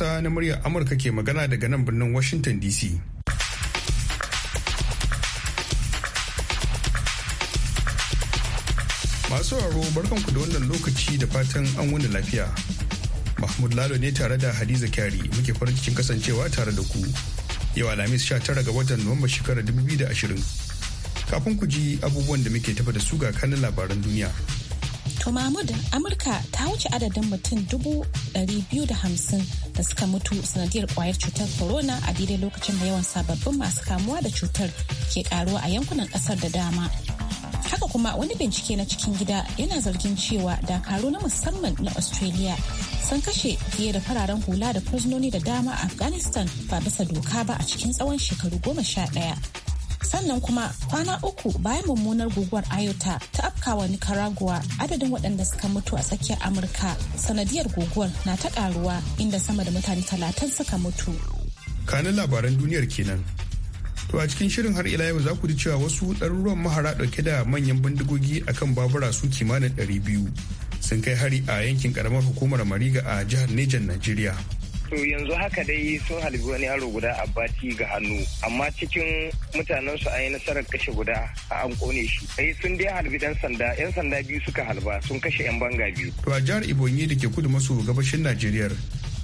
Hausa na murya Amurka ke magana daga nan birnin Washington DC. Masu haro barkanku da wannan lokaci da fatan an wani lafiya. Mahmud Lalo ne tare da Hadiza Kyari muke farin cikin kasancewa tare da ku. Yau Alhamis 19 ga watan Nuwamba shekarar 2020. Kafin ku ji abubuwan da muke tafa da su ga kanin labaran duniya. To Mahmud, Amurka ta wuce adadin mutum dubu biyu da hamsin da suka mutu sanadiyar kwayar cutar corona a daidai lokacin da yawan sababbin masu kamuwa da cutar ke karuwa a yankunan kasar da dama. Haka kuma wani bincike na cikin gida yana zargin cewa dakaru na musamman na Australia sun kashe fiye da fararen hula da fursunoni da dama a Afghanistan ba bisa doka ba a cikin tsawon shekaru goma sha ɗaya. sannan kuma kwana uku bayan mummunar guguwar ayota ta afkawa nicaragua adadin waɗanda suka mutu a tsakiyar amurka sanadiyar guguwar na ta ƙaruwa inda sama da mutane talatin suka mutu kanin labaran duniyar kenan to a cikin shirin har ila yau za ku ji cewa wasu ɗaruruwan mahara ɗauke da manyan bindigogi akan babura su kimanin biyu sun kai hari a yankin ƙaramar hukumar mariga a jihar nejan najeriya To yanzu haka dai sun halibi wani aro guda a bati ga hannu amma cikin mutanen su an yi nasarar kashe guda a an kone shi. Ai eh, sun dai halbi dan sanda yan sanda biyu suka halba sun kashe yan banga biyu. To a jihar Ibonyi da ke kudu maso gabashin Najeriya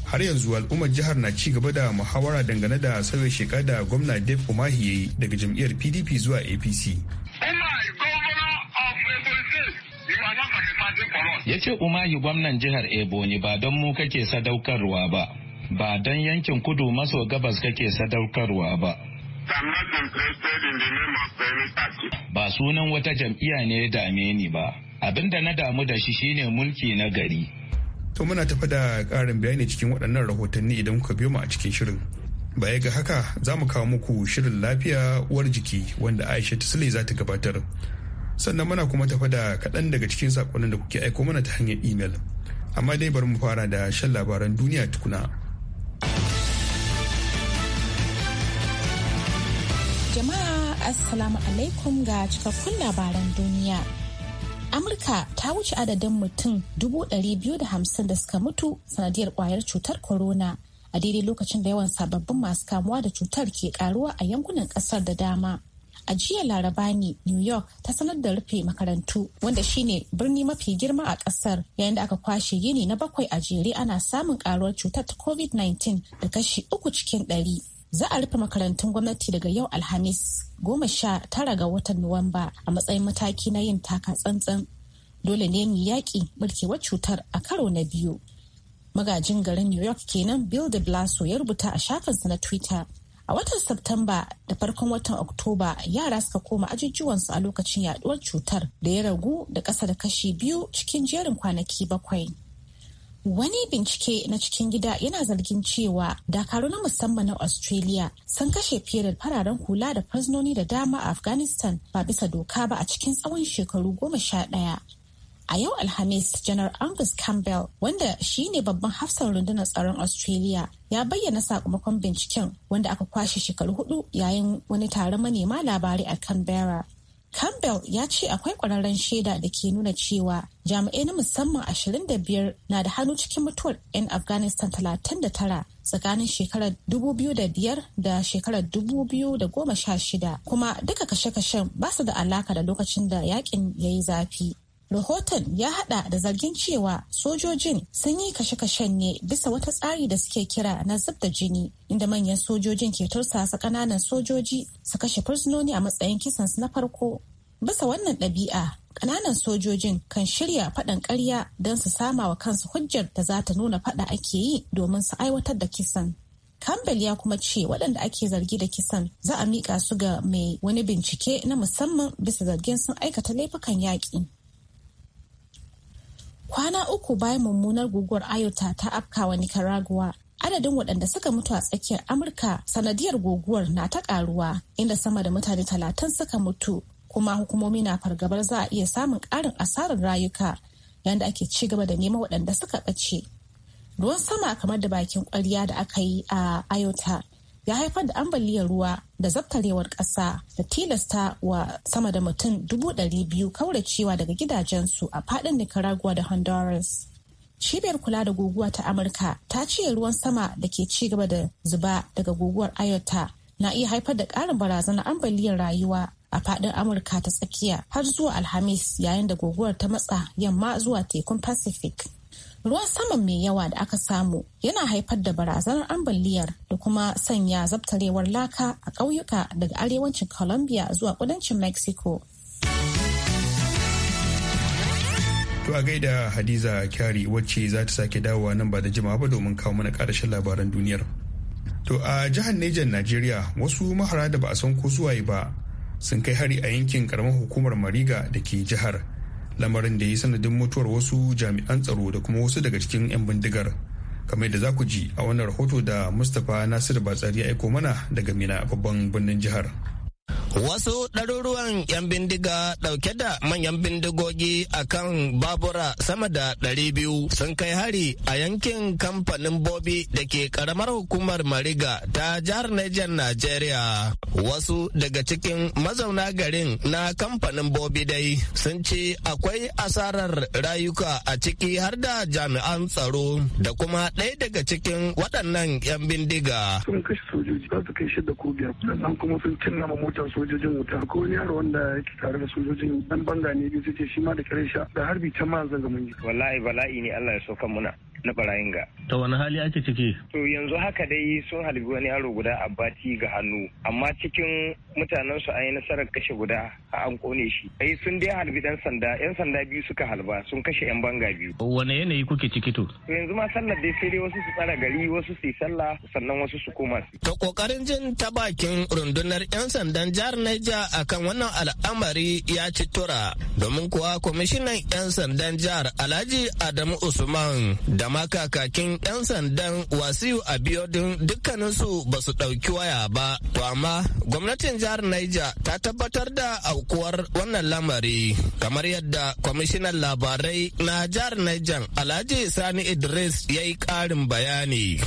har yanzu al'ummar jihar na ci gaba da muhawara dangane da sauya sheka da gwamna Dave Umahi yayi daga jam'iyyar PDP zuwa APC. ya ce umahi gwamnan jihar ebonyi ba don mu kake sadaukarwa ba ba don yankin kudu maso gabas kake sadaukarwa ba. Ba sunan wata jam'iyya ne ya dame ni ba, abin da na damu da shi shine mulki na gari. To muna tafi da ƙarin bayani cikin waɗannan rahotanni idan kuka biyo mu a cikin shirin. Baya ga haka za mu kawo muku shirin lafiya uwar jiki wanda Aisha Tisli za ta gabatar. Sannan muna kuma tafi da kaɗan daga cikin saƙonin da kuke aiko mana ta hanyar imel. Amma dai bari mu fara da shan labaran duniya tukuna. Jama'a Assalamu alaikum ga cikakkun labaran duniya. Amurka ta wuce adadin mutum 250 da suka mutu sanadiyar kwayar cutar corona a daidai lokacin da yawan sababbin masu kamuwa da cutar ke karuwa a yankunan kasar da dama. A jiya laraba ne New York ta sanar da rufe makarantu wanda shine birni mafi girma a kasar yayin da aka kwashe yini na bakwai a jere ana samun karuwar cutar ta COVID-19 da kashi uku cikin ɗari. za a rufe makarantun gwamnati daga yau alhamis goma sha tara ga watan nuwamba a matsayin mataki na yin taka tsantsan dole ne mu yaƙi barkewar cutar a karo na biyu magajin garin new york kenan bill de blaso ya rubuta a shafinsa na twitter a watan Septemba da farkon watan Oktoba yara suka koma ajujuwansu a lokacin yaduwar cutar da ya ragu da ƙasa da kashi biyu cikin jerin kwanaki bakwai. Wani bincike na cikin gida yana zargin cewa dakaru na musamman na Australia sun kashe fiye da fararen hula da fasnoni da dama a Afghanistan ba bisa doka ba a cikin tsawon shekaru goma sha ɗaya. A yau Alhamis, Janar Angus Campbell, wanda shi ne babban hafsan rundunar tsaron Australia, ya bayyana sakamakon binciken wanda aka kwashe shekaru hudu yayin wani taron manema labarai a Canberra. Campbell ya ce akwai kwararren shaida da ke nuna cewa jami'ai na musamman 25 na da hannu cikin mutuwar 'yan Afghanistan 39 tsakanin shekarar 2005 da shekarar 2016 kuma duka kashe-kashen ba su da alaka da lokacin da yakin ya yi zafi. Rahoton ya hada da zargin cewa sojojin sun yi kashe-kashen ne bisa wata tsari da suke kira na zub da jini inda manyan sojojin ke tursasa ƙananan sojoji su kashe fursunoni a matsayin kisan su na farko. Bisa wannan ɗabi'a ƙananan sojojin kan shirya faɗan ƙarya don su sama wa kansu hujjar da za ta nuna faɗa ake yi domin su aiwatar da kisan. Campbell ya kuma ce waɗanda ake zargi da kisan za a miƙa su ga mai wani bincike na musamman bisa zargin sun aikata laifukan yaƙi. kwana uku bayan mummunar guguwar ayota ta afkawa nicaragua adadin waɗanda suka mutu a tsakiyar amurka sanadiyar guguwar na ta ƙaruwa, inda sama da mutane talatin suka mutu kuma hukumomi na fargabar za a iya samun ƙarin asarar rayuka yadda ake ci gaba da neman waɗanda suka ɓace ruwan sama kamar da bakin ƙwarya da aka yi a ayota ya haifar da ambaliyar ruwa da zabtarewar ƙasa da tilasta wa sama da mutum dubu ɗari biyu kauracewa daga gidajensu a faɗin Nicaragua da Honduras. Cibiyar kula da guguwa ta Amurka ta ce ruwan sama da ke ci gaba da zuba daga guguwar Ayota na iya haifar da ƙarin barazanar ambaliyar rayuwa a faɗin Amurka ta tsakiya har zuwa Alhamis yayin da guguwar ta matsa yamma zuwa tekun Pacific. ruwan saman mai yawa da aka samu yana haifar da barazanar ambaliyar da kuma sanya zabtarewar laka a ƙauyuka daga arewacin colombia zuwa kudancin mexico To a gaida Hadiza Kyari wacce za ta sake dawowa nan ba da jima ba domin kawo mana karshen labaran duniyar. To a jihar Nejan Najeriya wasu mahara da ba a san ko suwaye ba sun kai hari a yankin karamar hukumar Mariga da ke jihar lamarin da ya sanadin mutuwar wasu jami'an tsaro da kuma wasu daga cikin 'yan bindigar kamar da za ku ji a wannan rahoto da mustapha nasiru batsari ya aiko mana daga mina babban birnin jihar Wasu ɗaruruwan 'yan bindiga ɗauke da manyan bindigogi a kan babura sama da ɗari biyu sun kai hari a yankin kamfanin Bobi da ke ƙaramar hukumar Mariga ta jihar Niger Nigeria. Wasu daga cikin mazauna garin na kamfanin Bobi dai sun ce akwai asarar rayuka a ciki har da jami'an tsaro da kuma ɗaya daga cikin waɗannan 'yan bindiga. Sun kashe sojoji za su kai shida ko biyar sannan kuma sun cinna sojoji. sojojin wuta ko wani yaro wanda yake tare da sojojin dan banga ne biyu suke shi ma da kare da harbi ta ma zanga mun yi wallahi bala'i ne Allah ya so muna na barayin ga. Ta wani hali ake ciki? To yanzu haka dai sun halbi wani yaro guda a bati ga hannu amma cikin mutanen su an yi nasarar kashe guda a an kone shi. Ai sun dai halbi dan sanda yan sanda biyu suka halba sun kashe yan banga biyu. Wane yanayi kuke ciki to? To yanzu ma sallar dai sai dai wasu su tsara gari wasu su yi sallah sannan wasu su koma su. To kokarin jin ta bakin rundunar yan sandan jihar Niger akan wannan al'amari ya ci tura domin kuwa kwamishinan yan sandan jihar Alhaji Adamu Usman da amma kakakin 'yan sandan wasiu abiodun dukkaninsu ba su ɗauki waya ba to amma gwamnatin jihar niger ta tabbatar da aukuwar wannan lamari kamar yadda kwamishinan labarai na jihar niger alhaji sani idris ya yi ƙarin bayani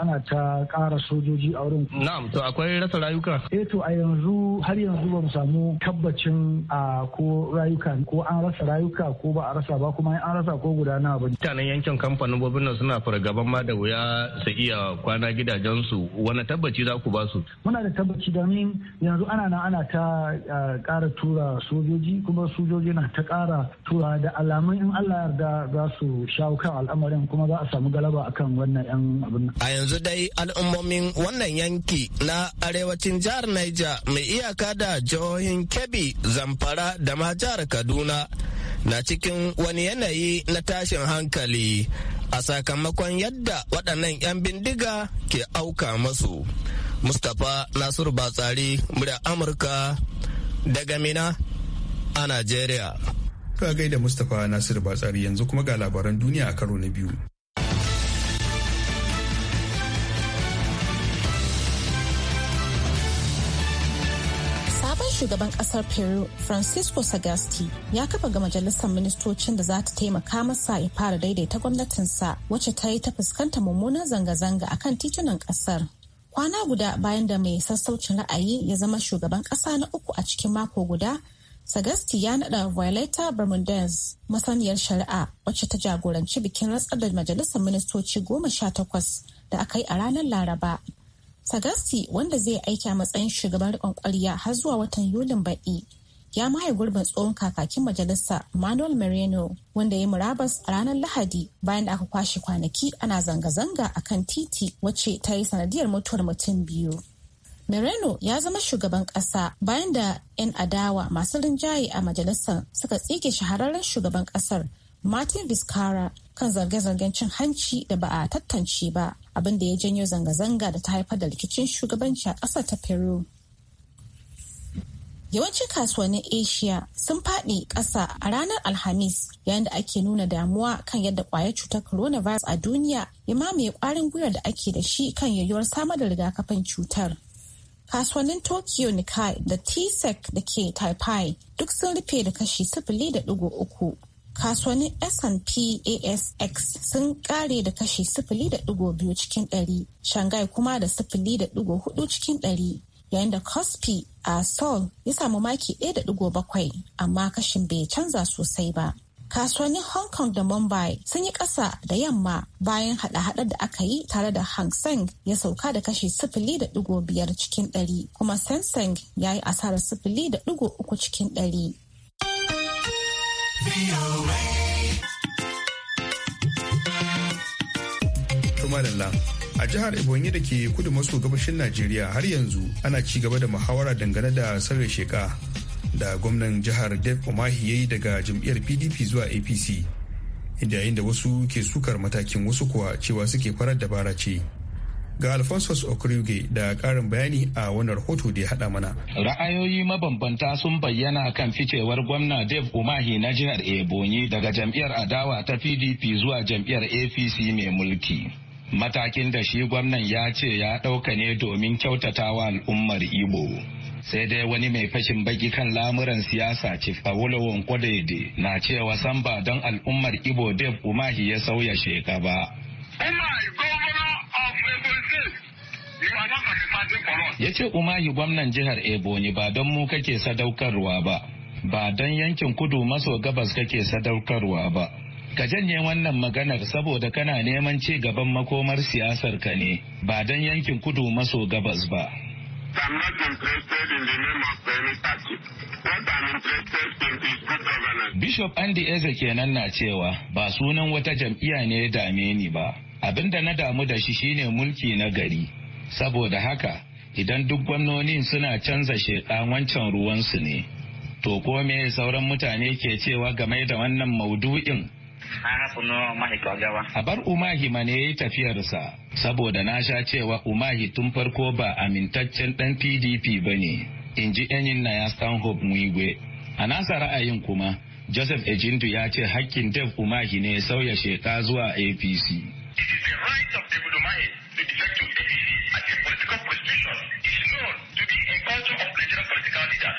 ana ta kara sojoji a wurin. Na'am to akwai rasa rayuka? Eh to a yanzu har yanzu ba mu samu tabbacin a ko rayuka ko an rasa rayuka ko ba a rasa ba kuma an rasa ko guda nawa ba. Mutanen yankin kamfanin bobin nan suna fargaban ma da wuya su iya kwana gidajensu wani tabbaci za ku ba su? Muna da tabbaci min yanzu ana na ana ta kara tura sojoji kuma sojoji na ta kara tura da alamun in Allah yarda za su shawo kan al'amarin kuma za a samu galaba akan wannan 'yan abin wannan. A yanzu dai al'ummomin wannan yanki na arewacin jihar Niger mai iyaka da jihohin Kebbi, Zamfara da ma jihar Kaduna na cikin wani yanayi na tashin hankali a sakamakon yadda waɗannan 'yan bindiga ke auka masu. Mustapha Nasiru Batsari, murya Amurka daga Mina a Najeriya. Ka gaida Mustapha Nasiru Batsari yanzu kuma ga labaran duniya a karo na biyu. shugaban kasar peru francisco sagasti ya kafa ga majalisar ministocin da za ta taimaka masa ya fara daidaita gwamnatinsa wacce ta yi ta fuskanta mummunan zanga-zanga a kan titunan kasar kwana guda bayan da mai sassaucin ra'ayi ya zama shugaban kasa na uku a cikin mako guda sagasti ya nada violeta bermudez masaniyar shari'a wacce ta jagoranci bikin ratsar da majalisar ministoci goma sha takwas da aka yi a ranar laraba Sagasti wanda zai aiki a matsayin shugaban riƙon ƙwarya har zuwa watan Yulin baɗi ya maye gurbin tsohon kakakin majalisa Manuel Moreno wanda ya murabas a ranar Lahadi bayan da aka kwashe kwanaki ana zanga-zanga a kan titi wacce ta yi sanadiyar mutuwar mutum biyu. Moreno ya zama shugaban ƙasa bayan da 'yan adawa masu rinjaye a majalisar suka tsige shahararren shugaban ƙasar Martin viscara kan zarge-zargen cin hanci da ba a tantance ba. abin da ya janyo zanga-zanga da ta haifar da rikicin shugabanci a ƙasar ta peru yawancin kasuwannin asia sun faɗi ƙasa a ranar alhamis yayin da ake nuna damuwa kan yadda ƙwayar cutar coronavirus a duniya ya mamaye ƙwarin gwiwar da ake da shi kan yayyuwar samar da rigakafin cutar kasuwannin tokyo nikai da tsec da ke taipai duk sun rufe da kashi sifili da ɗigo uku kasuwannin S&P ASX sun kare da kashi 0.2 cikin ɗari, Shanghai kuma da 0.4 cikin ɗari, yayin da Cospi a Seoul ya samu maki da 1.7 amma kashin bai canza sosai ba. Kasuwannin Hong Kong da Mumbai sun yi ƙasa da yamma bayan hada-hada da aka yi tare da Hang Seng ya sauka da kashi 0.5 cikin ɗari, kuma Seng ya yi asarar 0.3 cikin ɗari. Tumalalla. A jihar Ebonyi da ke kudu maso gabashin Najeriya har yanzu ana ci gaba da muhawara dangane da sauya sheka da gwamnan jihar Dev Umahi ya yi daga jam'iyyar PDP zuwa APC. Inda yayin da wasu ke sukar matakin wasu kuwa cewa suke farar dabara ce. ga alphonsus okruge da karin bayani a wannan rahoto da ya haɗa mana ra'ayoyi mabambanta sun bayyana kan ficewar gwamna dave umahi na jihar ebonyi daga jam'iyyar adawa ta pdp zuwa jam'iyyar apc mai mulki matakin da shi gwamnan ya ce ya ɗauka ne domin kyautatawa al'ummar ibo sai dai wani mai fashin baki kan lamuran siyasa chief awolowon kwadede na cewa san ba don al'ummar ibo dave umahi ya sauya sheka ba Ya ce Umahi gwamnan jihar Ebonyi ba don mu kake sadaukarwa ba, ba don yankin kudu maso gabas kake sadaukarwa ba. Ka janye wannan maganar saboda kana neman ci gaban makomar siyasar ka ne, ba don yankin kudu maso gabas ba. I'm not interested in the name of any party. What I'm interested in is good governance. Bishop Andy Eze kenan na cewa ba sunan wata jam'iyya ne ya dame ni ba. Abin da na damu da shi shine mulki na gari. saboda haka idan duk gwamnoni suna canza sheƙa wancan ruwansu ne to ko me sauran mutane ke cewa game da wannan maudu'in a bar umahi mane ya yi tafiyarsa saboda na sha cewa umahi tun farko ba amintaccen dan pdp ba ne in ji yanyin na ya stanhope muigwe a nasa ra'ayin kuma joseph ejindu ya ce hakkin dev umahi ne sauya sheka zuwa apc the right of the umahi to defect to apc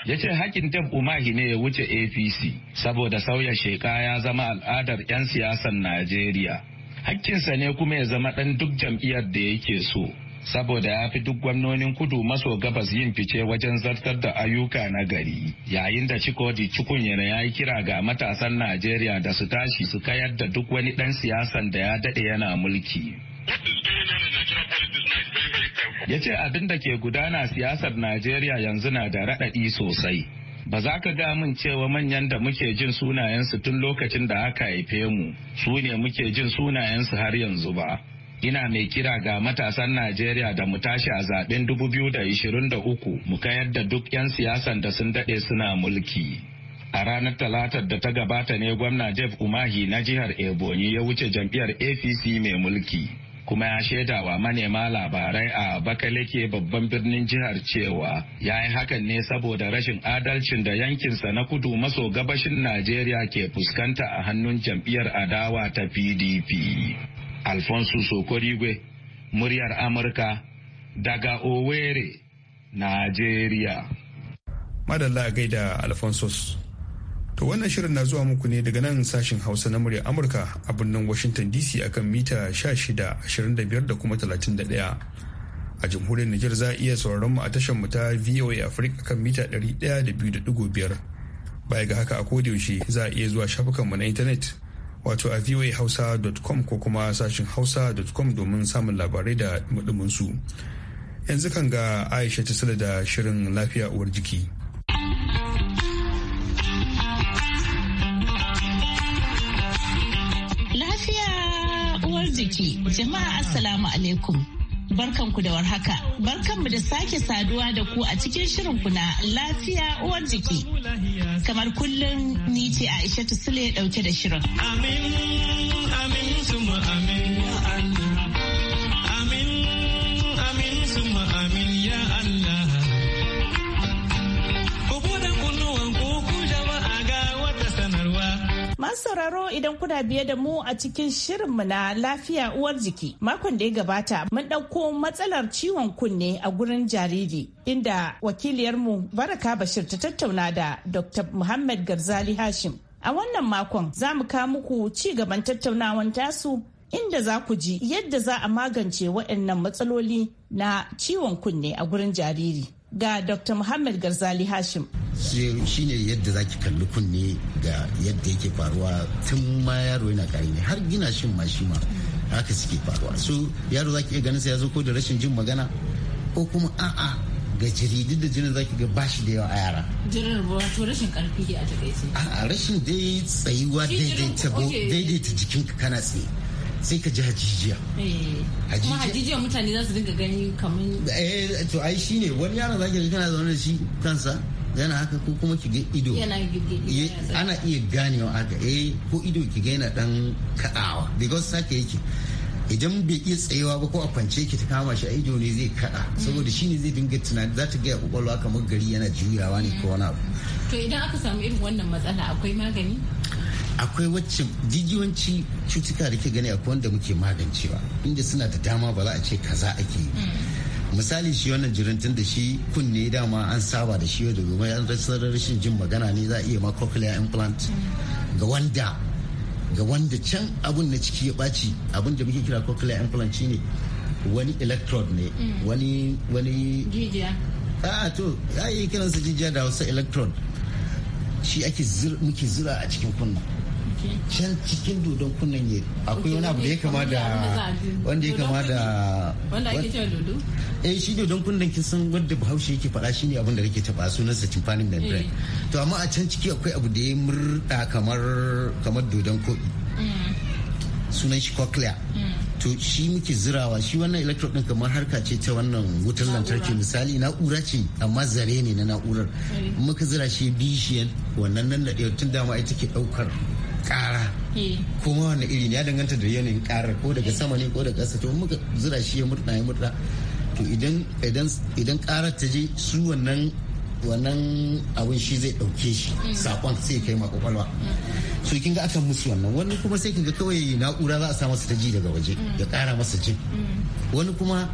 Ya ce hakin Dab Umahi ne ya wuce APC saboda sauya sheka ya zama al'adar 'yan siyasar Najeriya. Hakkinsa ne kuma ya zama ɗan duk jam'iyyar da yake so. saboda ya fi duk gwamnonin kudu maso gabas yin fice wajen zartar da ayyuka na gari yayin da cikodi yana ya yi kira ga matasan najeriya da su tashi su kayar da duk wani ɗan siyasan da ya daɗe yana mulki ya ce abin da ke gudana siyasar najeriya yanzu na da raɗaɗi sosai ba za ka ga min cewa manyan da muke jin sunayensu tun lokacin da aka haife mu su ne muke jin sunayensu har yanzu ba ina mai kira ga matasan najeriya da mu tashi a zaben 2023 mu kayar da duk 'yan siyasan da sun daɗe suna mulki a ranar talatar da ta gabata ne gwamna jeff umahi na jihar ebonyi ya wuce jam'iyyar apc mai mulki kuma ya shaida wa manema labarai a bakalake babban birnin jihar cewa ya yi hakan ne saboda rashin adalcin da yankinsa na kudu maso gabashin najeriya ke fuskanta a hannun jam'iyyar adawa ta pdp alfonso sokorigwe muryar amurka daga owerri najeriya madalla gaida alfonso To wannan shirin na zuwa muku ne daga nan sashin Hausa na murya Amurka a birnin Washington DC akan mita shida da kuma 31. A jamhuriyar Nijar za a iya sauraron mu a tashar mu ta VOA Africa kan mita 102.5. Baya ga haka a yaushe za a iya zuwa shafukan mu na intanet wato a voahausa.com ko kuma sashin hausa.com domin samun labarai da mudumin su. Yanzu kan ga Aisha ta da shirin lafiya uwar jiki. ciki. Jama'a Assalamu alaikum. Barkanku da warhaka. Barkanmu da sake saduwa da ku a cikin shirin na lafiya uwar jiki. Kamar kullum ni ce Aisha Sule dauke da shirin. Amin, amin, amin. Masu sauraro idan kuna biye da mu a cikin shirinmu na lafiya uwar jiki makon da ya gabata mun ɗauko matsalar ciwon kunne a gurin jariri inda wakiliyarmu Baraka Bashir ta tattauna da Dr. Muhammad Garzali Hashim. A wannan makon za mu kawo muku ci gaban tattaunawan tasu inda za ku ji yadda za a magance waɗannan matsaloli na ciwon kunne a gurin jariri. Ga Dr. Muhammad Garzali Hashim. shi ne yadda za ki kalli kunne ga yadda yake faruwa tun ma yaro yana ne har gina shin ma shi ma haka suke faruwa so yaro za ki iya ganin sa ya zo ko da rashin jin magana ko kuma a'a ga jiri duk da jinin zaki ga bashi da yawa a yara. Jirar wato rashin karfi a takaice. A rashin dai tsayuwa daidaita jikinka kana tsaye. sai ka ji hajijiya. Eh, kuma hajijiya mutane za su dinga gani kamar. Eh to ai shine wani yaron zaki ga kana zaune da shi kansa yana haka ko kuma ki ga ido ana iya ganewa haka eh ko ido ki ga yana dan kaɗawa because sake yake idan bai iya tsayewa ba ko a kwance ki ta kama shi a ido ne zai kada saboda shi ne zai dinga tunani za ta gaya kwakwalwa kamar gari yana juyawa ne ko wani abu to idan aka samu irin wannan matsala akwai magani akwai wacce jijiyoyinci cutuka da ke gani akwai wanda muke magancewa inda suna da dama ba za a ce kaza ake yi misali shi wannan tun da shi kunne dama an saba da shi yau da gobe an rashin jin magana ne za a iya ma cochlear implant ga wanda ga wanda can abun na ciki ya ɓaci abun da muke kira cochlear implant ne wani electrode ne mm. wani wani jijiya a to ya yi kiransa jijiya da wasu electrode shi ake muke zira a cikin kunna can cikin dodon kunnen ya akwai wani abu da ya kama da wanda ya kama da wanda ake cewa dodo eh shi dodon kunnen kin san wanda bahaushe yake faɗa shine abin da kake taba sunan sa tympanic membrane eh. to amma a can ciki akwai abu da ya murda kamar kamar dodon koɗi mm. sunan shi cochlea mm. to shi muke zirawa shi wannan electrode din kamar harka ce ta wannan wutar lantarki misali na'ura ce amma zare ne na na'urar eh. muka zira shi bishiyan wannan nan da tun dama ita ke daukar kara eh. kuma wani iri ya danganta da yanayin karar ko daga eh. sama ne ko daga ƙasa to muka zura shi ya murɗa ya murɗa to idan idan idan karar ta je su wannan wannan abin shi zai ɗauke shi eh. sakon sai kai ma kwakwalwa so kin ga aka musu wannan wani kuma sai kin kawai na'ura za a sa masa ta ji daga waje ya kara masa jin wani kuma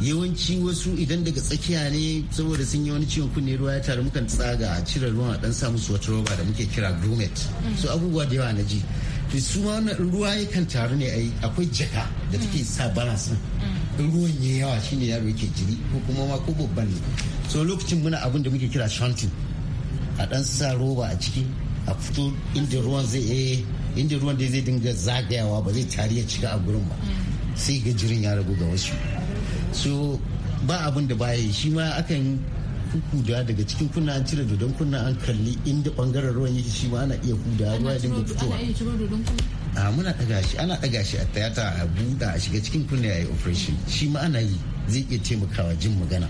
yawanci wasu idan daga tsakiya ne saboda sun yi wani ciwon kunne ruwa ya taru mukan tsaga a cire ruwan a dan sa musu wata roba da muke kira grumet mm-hmm. so abubuwa da yawa na ji to su ma ruwa yakan taru ne akwai jaka da take mm. sa balansin mm. in ruwan ya yawa shine yaro yake jiri ko kuma ma ko babban ne so lokacin muna abin da muke kira shantin a dan sa roba a ciki a fito inda ruwan zai eh, inda ruwan da zai dinga zagayawa ba zai tari ya cika a gurin ba mm. sai ga jirin ya ragu ga wasu so ba abin da baya shi ma akan kuda daga cikin kunna an cire dodon kunna an kalli inda bangaren ruwan yake shi ma ana iya kuda ruwa dinga fitowa a muna daga shi ana daga shi a tayata a buɗa a shiga cikin kunna yayi operation shi ma ana yi zai iya taimakawa jin magana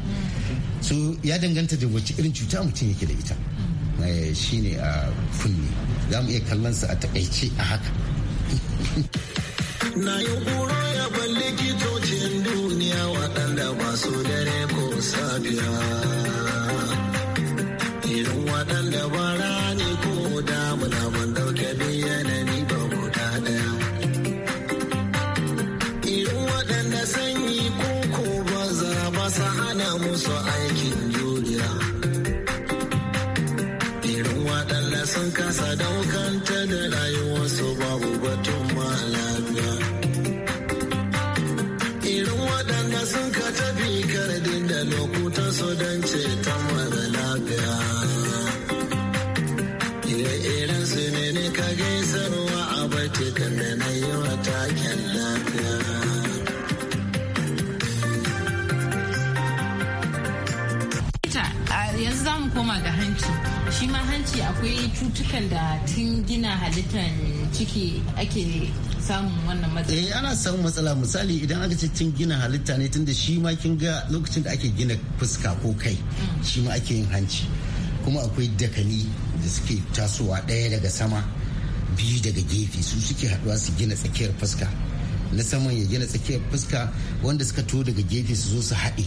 so ya danganta da wacce irin cuta mutum yake da ita eh, shi ne a kunne za mu iya kallon sa a takaice a haka na yi ya ban likitocin duniya waɗanda ba su dare ko safiya irin waɗanda ba rani ko damuna ban dauke da yanayi ba guda ɗaya irin waɗanda sanyi ko ko ba ba sa hana musu aikin duniya irin waɗanda sun kasa daukanta da rayuwa sun ka tafi kardin da lokutan su don ceton mara lafiya. Ire-iren su ne ne ka gaisarwa a batikan da na yi wa taken lafiya. yanzu za mu koma ga hanci shi ma hanci akwai cutukan da tun gina halittar ciki ake samun wannan matsala eh ana samun matsala misali idan aka ce tun gina halitta ne tunda shi ma kin ga lokacin da ake gina fuska ko kai mm. shi ma ake yin hanci kuma akwai dakali da suke tasowa ɗaya daga sama biyu daga gefe su suke haɗuwa su gina tsakiyar fuska na saman ya gina tsakiyar fuska wanda suka to daga gefe su zo su haɗe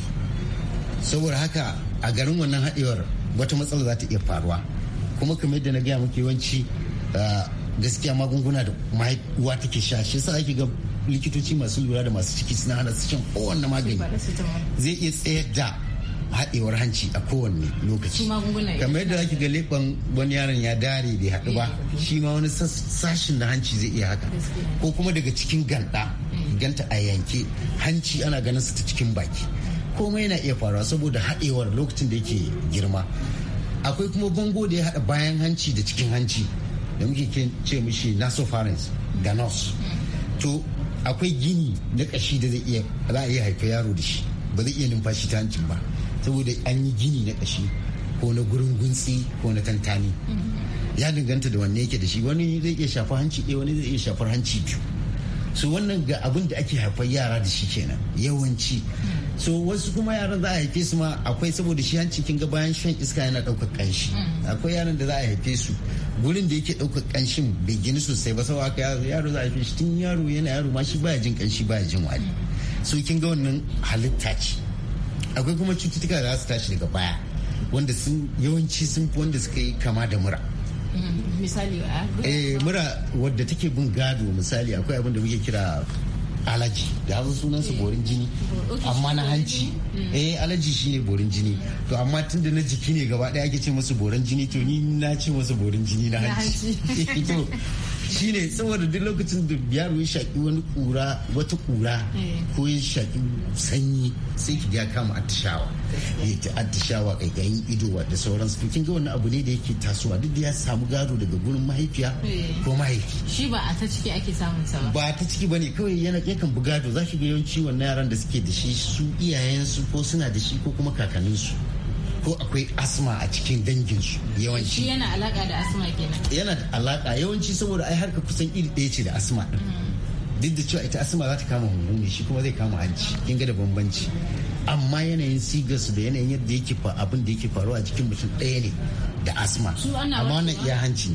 saboda haka a garin wannan haɗewar wata matsala za ta iya faruwa kuma kamar yadda na gaya muke yawanci ah, gaskiya magunguna da mahaifuwa take sha shi yasa ake ga likitoci masu lura da masu ciki suna hana su shan kowanne magani zai iya tsayar da haɗewar hanci a kowanne lokaci kamar yadda ake ga leɓen wani yaron ya dare bai haɗu ba eh, shi ma wani sashin da hanci zai iya haka ko kuma daga cikin ganda mm. ganta a yanke hanci ana ganin su ta cikin baki komai yana iya faruwa saboda haɗewar lokacin da yake girma akwai kuma bango da ya haɗa bayan hanci da cikin hanci da muke ce mishi nasopharynx ganos to akwai gini na kashi da zai iya za a iya haifa yaro da shi ba zai iya numfashi ta hancin ba saboda an yi gini na kashi ko na gurin guntsi ko na tantani ya danganta da wanne yake da shi wani zai iya shafar hanci ɗaya wani zai iya shafar hanci biyu so wannan ga abin da ake haifar yara da shi kenan yawanci so wasu kuma yaran za a haife su ma akwai saboda shi hanci kin ga bayan shan iska yana ɗaukar kanshi akwai yaran da za a haife su gurin da yake ɗauka ƙanshin bai gini sosai ba sau aka yaro za a fi tun yaro yana yaro ma shi baya jin ƙanshi baya jin wani so kin ga wannan halitta ce akwai kuma cututtuka da za su tashi daga baya wanda sun yawanci sun fi wanda suka yi kama da mura mm, misali eh, mura wadda take bin gado misali akwai abin da muke kira alaji da sunan su eh. borin jini amma na hanci hmm. eh alaji shine borin jini to amma tunda na jiki ne gaba daya ake ce masu borin jini to ni na ce masu borin jini na hanci shine saboda duk lokacin da yaro ya shaƙi wani kura wata kura eh. ko ya shaƙi sanyi sai ki ya kama attishawa ya ta attishawa kaikayin ido da sauransu to kin ga wani abu ne da yake tasowa duk da ya samu gado daga gurin mahaifiya eh. ko mahaifi shi ba a ta ciki ake samun sa ba a ta ciki bane kawai yana yakan bugado za ki ga yawanci wannan yaran da suke da shi su iyayensu ko suna da shi ko kuma kakanninsu ko akwai asma a cikin danginsu yawanci yana alaka da asma kenan yana da alaka yawanci saboda ai harka kusan iri ɗaya ce da asma mm. duk da cewa ita asma za ta kama hungu ne shi kuma zai kama hanci kin ga da bambanci amma yanayin sigarsu da yanayin yadda yake fa abin da yake faruwa a cikin mutum ɗaya ne da asma amma wannan iya hanci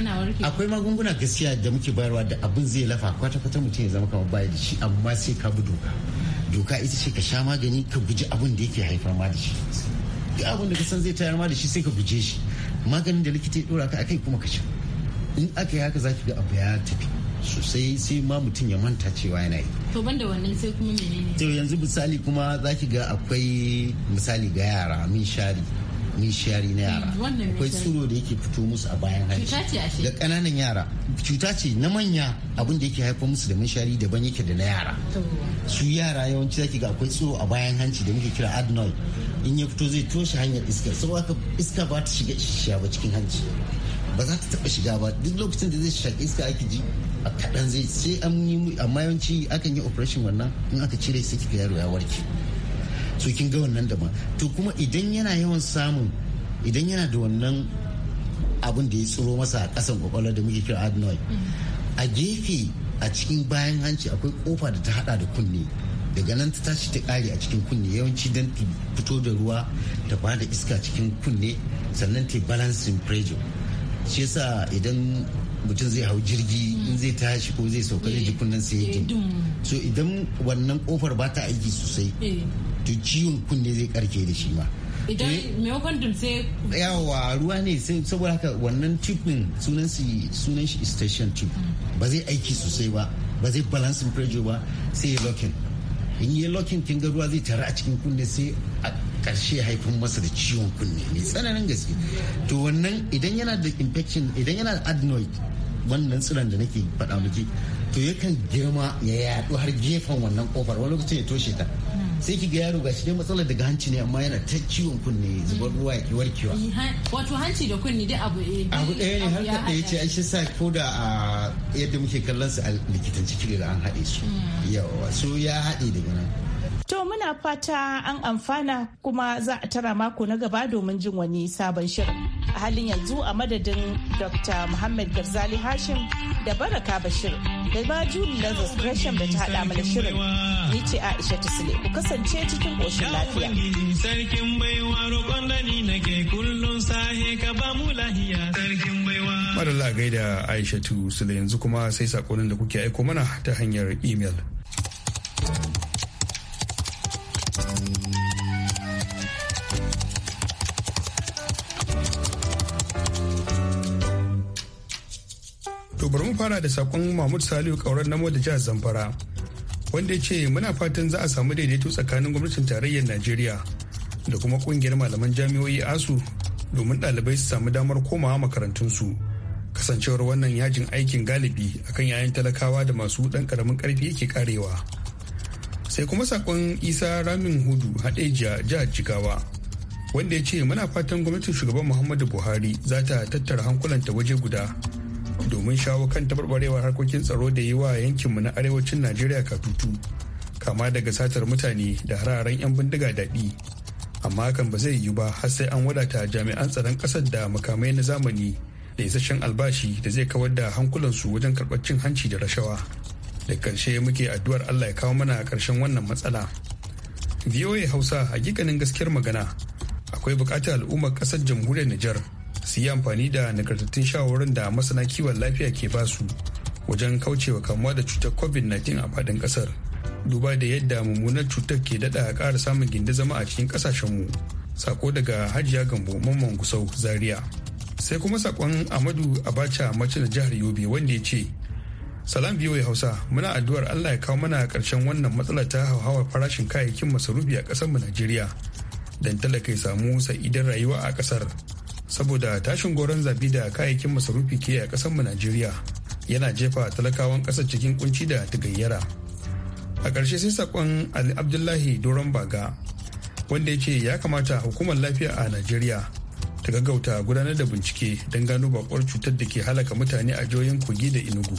ne akwai magunguna gaskiya da muke bayarwa da abin zai lafa kwata-kwata mutum ya zama kamar baya da shi amma sai ka bi doka doka ita ce ka sha magani ka guji abin da yake haifar ma da shi duk abin da ka san zai tayar ma da shi sai ka guje shi maganin da likita ya dora ka akai kuma ka ci in aka yi haka zaki ga abu ya tafi sosai sai ma mutum ya manta cewa yana yi to ban da wannan sai kuma menene to yanzu misali kuma zaki ga akwai misali ga yara min shari nishiyari na yara akwai tsuro da yake fito musu a bayan hanci da kananan yara cuta ce na manya abin da yake haifar musu da munshari daban yake da na yara su yara yawanci zaki ga akwai tsoro a bayan hanci da muke kira adenoid in ya fito zai toshe hanyar iska saboda iska ba ta shiga shishiya cikin hanci ba za ta taba shiga ba duk lokacin da zai shaƙi iska ake ji a kaɗan zai sai an yi amma yawanci akan yi operation wannan in aka cire sai kika yaro ya warke so kin ga wannan daban to kuma idan yana yawan samun idan yana da wannan abin da ya tsoro masa a kasan kwakwalwa da muke kira adenoid a gefe a cikin bayan hanci akwai kofa da ta hada da kunne daga nan ta tashi ta kare a cikin kunne yawanci don ta fito da ruwa ta bada iska cikin kunne sannan ta balancing pressure shi yasa idan mutum zai hau jirgi in zai tashi ko zai sauka ji eh, kunnen sai ya so idan wannan kofar ba ta aiki sosai eh. to ciwon kunne zai karke da shi ma idan eh. maimakon dumse yawa ruwa ne saboda haka wannan tubin din sunan shi sunan shi station tube mm. ba zai aiki sosai ba ba zai balancing pressure ba sai ya locking in yi locking kin ga ruwa zai tare a cikin kunne sai a karshe haifin masa da ciwon kunne mai tsananin gaske to wannan idan yana da infection idan yana da adenoid wannan tsiran da nake faɗa miki to yakan girma ya yaɗu har gefen wannan kofar wani lokacin ya toshe ta mm. sai ki ga yaro gashi dai matsalar daga hanci ne amma yana ta ciwon kunne zubar ruwa ya ki warkewa eh, wato hanci da kunne dai abu abu ɗaya ne har da ya ce an shi sa ko da a yadda muke kallon su a likitanci kiri da an haɗe su hmm. yawa su ya haɗe daga nan To muna fata an amfana kuma za a tara mako na gaba domin jin wani sabon shirin. A halin yanzu a madadin Dr. Muhammad Garzali Hashim da Baraka Bashir. da ba Julie Lazarus Gresham da ta haɗa mana shirin. Ni ce Aisha sule ku kasance cikin ƙoshin lafiya. Sarkin baiwa roƙon da ni nake kullum sahe ka ba mu lahiya. Sarkin baiwa. Madalla gaida Aisha Tusile yanzu kuma sai sakonin da kuke aiko mana ta hanyar email. fara da sakon mahmud saliu kauran namo da jihar zamfara wanda ya ce muna fatan za a samu daidaito tsakanin gwamnatin tarayyar najeriya da kuma kungiyar malaman jami'o'i asu domin ɗalibai su samu damar komawa makarantunsu kasancewar wannan yajin aikin galibi akan yayan talakawa da masu ɗan karamin karfi yake karewa sai kuma sakon isa ramin hudu haɗe jihar jigawa wanda ya ce muna fatan gwamnatin shugaban muhammadu buhari za ta tattara hankulanta waje guda domin shawo kan tabarbarewar harkokin tsaro da yi wa yankinmu na arewacin najeriya ka katutu kama daga satar mutane da hararen 'yan bindiga daɗi amma hakan ba zai yiwu ba har sai an wadata jami'an tsaron ƙasar da makamai na zamani da isasshen albashi da zai kawar da hankulansu wajen karɓar cin hanci da rashawa da ƙarshe muke addu'ar allah ya kawo mana ƙarshen wannan matsala voa hausa hakikanin gaskiyar magana akwai buƙatar al'ummar ƙasar jamhuriyar nijar su yi amfani da nagartattun shawarin da masana kiwon lafiya ke basu wajen kaucewa kamuwa da cutar covid-19 a fadin ƙasar duba da yadda mummunar cutar ke daɗa ƙara samun gindi zama a cikin ƙasashenmu sako daga hajiya gambo mamman gusau zaria sai kuma sakon amadu abacha mace na jihar yobe wanda ya ce salam biyoyi hausa muna addu'ar allah ya kawo mana ƙarshen wannan matsala ta hauhawar farashin kayayyakin masarufi a ƙasarmu najeriya dan talaka ya samu sa'idar rayuwa a ƙasar saboda tashin goron zabi da kayayyakin masarufi ke a ƙasar mu Najeriya yana jefa talakawan ƙasar cikin kunci da tagayyara. A ƙarshe sai saƙon Ali Abdullahi Doron Baga wanda ya ce ya kamata hukumar lafiya a Najeriya ta gaggauta gudanar da bincike don gano bakwar cutar da ke halaka mutane a jihohin Kogi da inugu.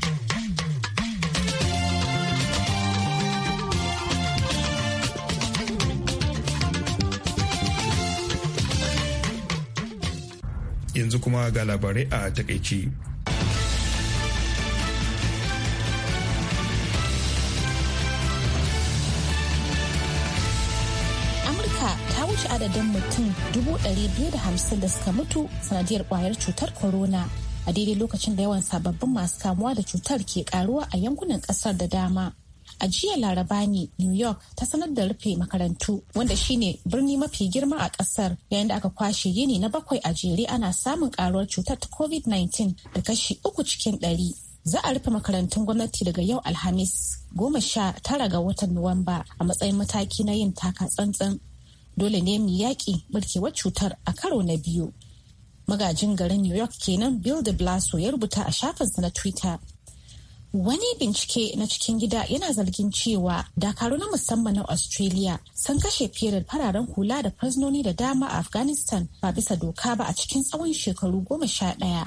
yanzu kuma ga labarai a takaici. Amurka ta wuce adadin mutum dubu 250 da suka mutu sanadiyar kwayar cutar corona a daidai lokacin da yawan sababbin masu kamuwa da cutar ke karuwa a yankunan kasar da dama. a jiya laraba ne new york ta sanar da rufe makarantu wanda shine birni mafi girma a kasar yayin da aka kwashe yini na bakwai a jere ana samun karuwar cutar ta covid-19 da kashi uku cikin ɗari za a rufe makarantun gwamnati daga yau alhamis goma sha tara ga watan nuwamba a matsayin mataki na yin taka tsantsan dole ne mu yaƙi barkewar cutar a karo na biyu magajin garin new york kenan bill de blasio ya rubuta a shafinsa na twitter Wani bincike na cikin gida yana zargin cewa dakaru na musamman na Australia sun kashe fiye da fararen hula da fasnoni da dama a Afghanistan ba bisa doka ba a cikin tsawon shekaru goma sha ɗaya.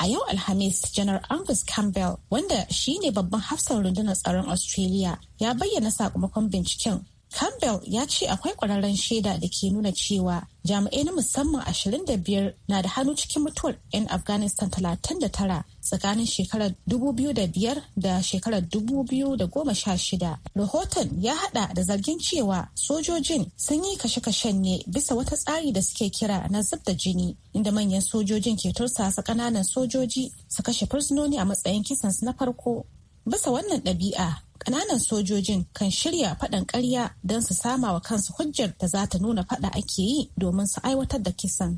A yau Alhamis, Janar Angus Campbell, wanda shi ne babban hafsan rundunar tsaron Australia, ya bayyana sakamakon binciken Campbell ya ce akwai kwararren shaida da ke nuna cewa jami'ai na musamman 25 na da hannu cikin mutuwar 'yan Afghanistan 39 tsakanin shekarar 2005 da shekarar 2016. Rahoton ya hada da zargin cewa sojojin sun yi kashe-kashen ne bisa wata tsari da suke kira na zub da jini inda manyan sojojin ke tursasa ƙananan sojoji su kashe fursunoni a matsayin kisansu na farko. Bisa wannan ɗabi'a kananan sojojin kan shirya faɗan karya don su sama wa kansu hujjar da za ta nuna faɗa ake yi domin su aiwatar da kisan.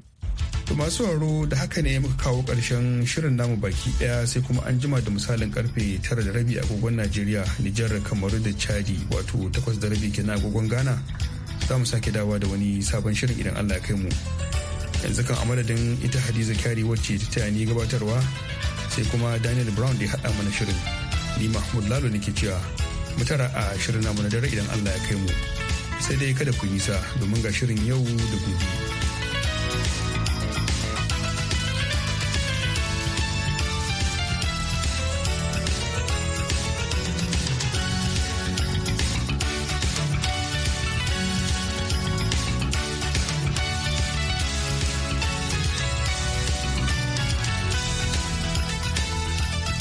masu sauraro da haka ne muka kawo ƙarshen shirin namu baki ɗaya sai kuma an jima da misalin karfe tara da rabi agogon najeriya nijar kamaru da chadi wato takwas da rabi kenan agogon ghana za mu sake dawa da wani sabon shirin idan allah ya kai mu yanzu kan a madadin ita hadiza kyari wacce ta taya ni gabatarwa sai kuma daniel brown da ya haɗa mana shirin ni mahmud lalo nake cewa mutara a shirin namu na dare idan allah ya kai mu sai dai kada ku sa domin ga shirin yau da gobe.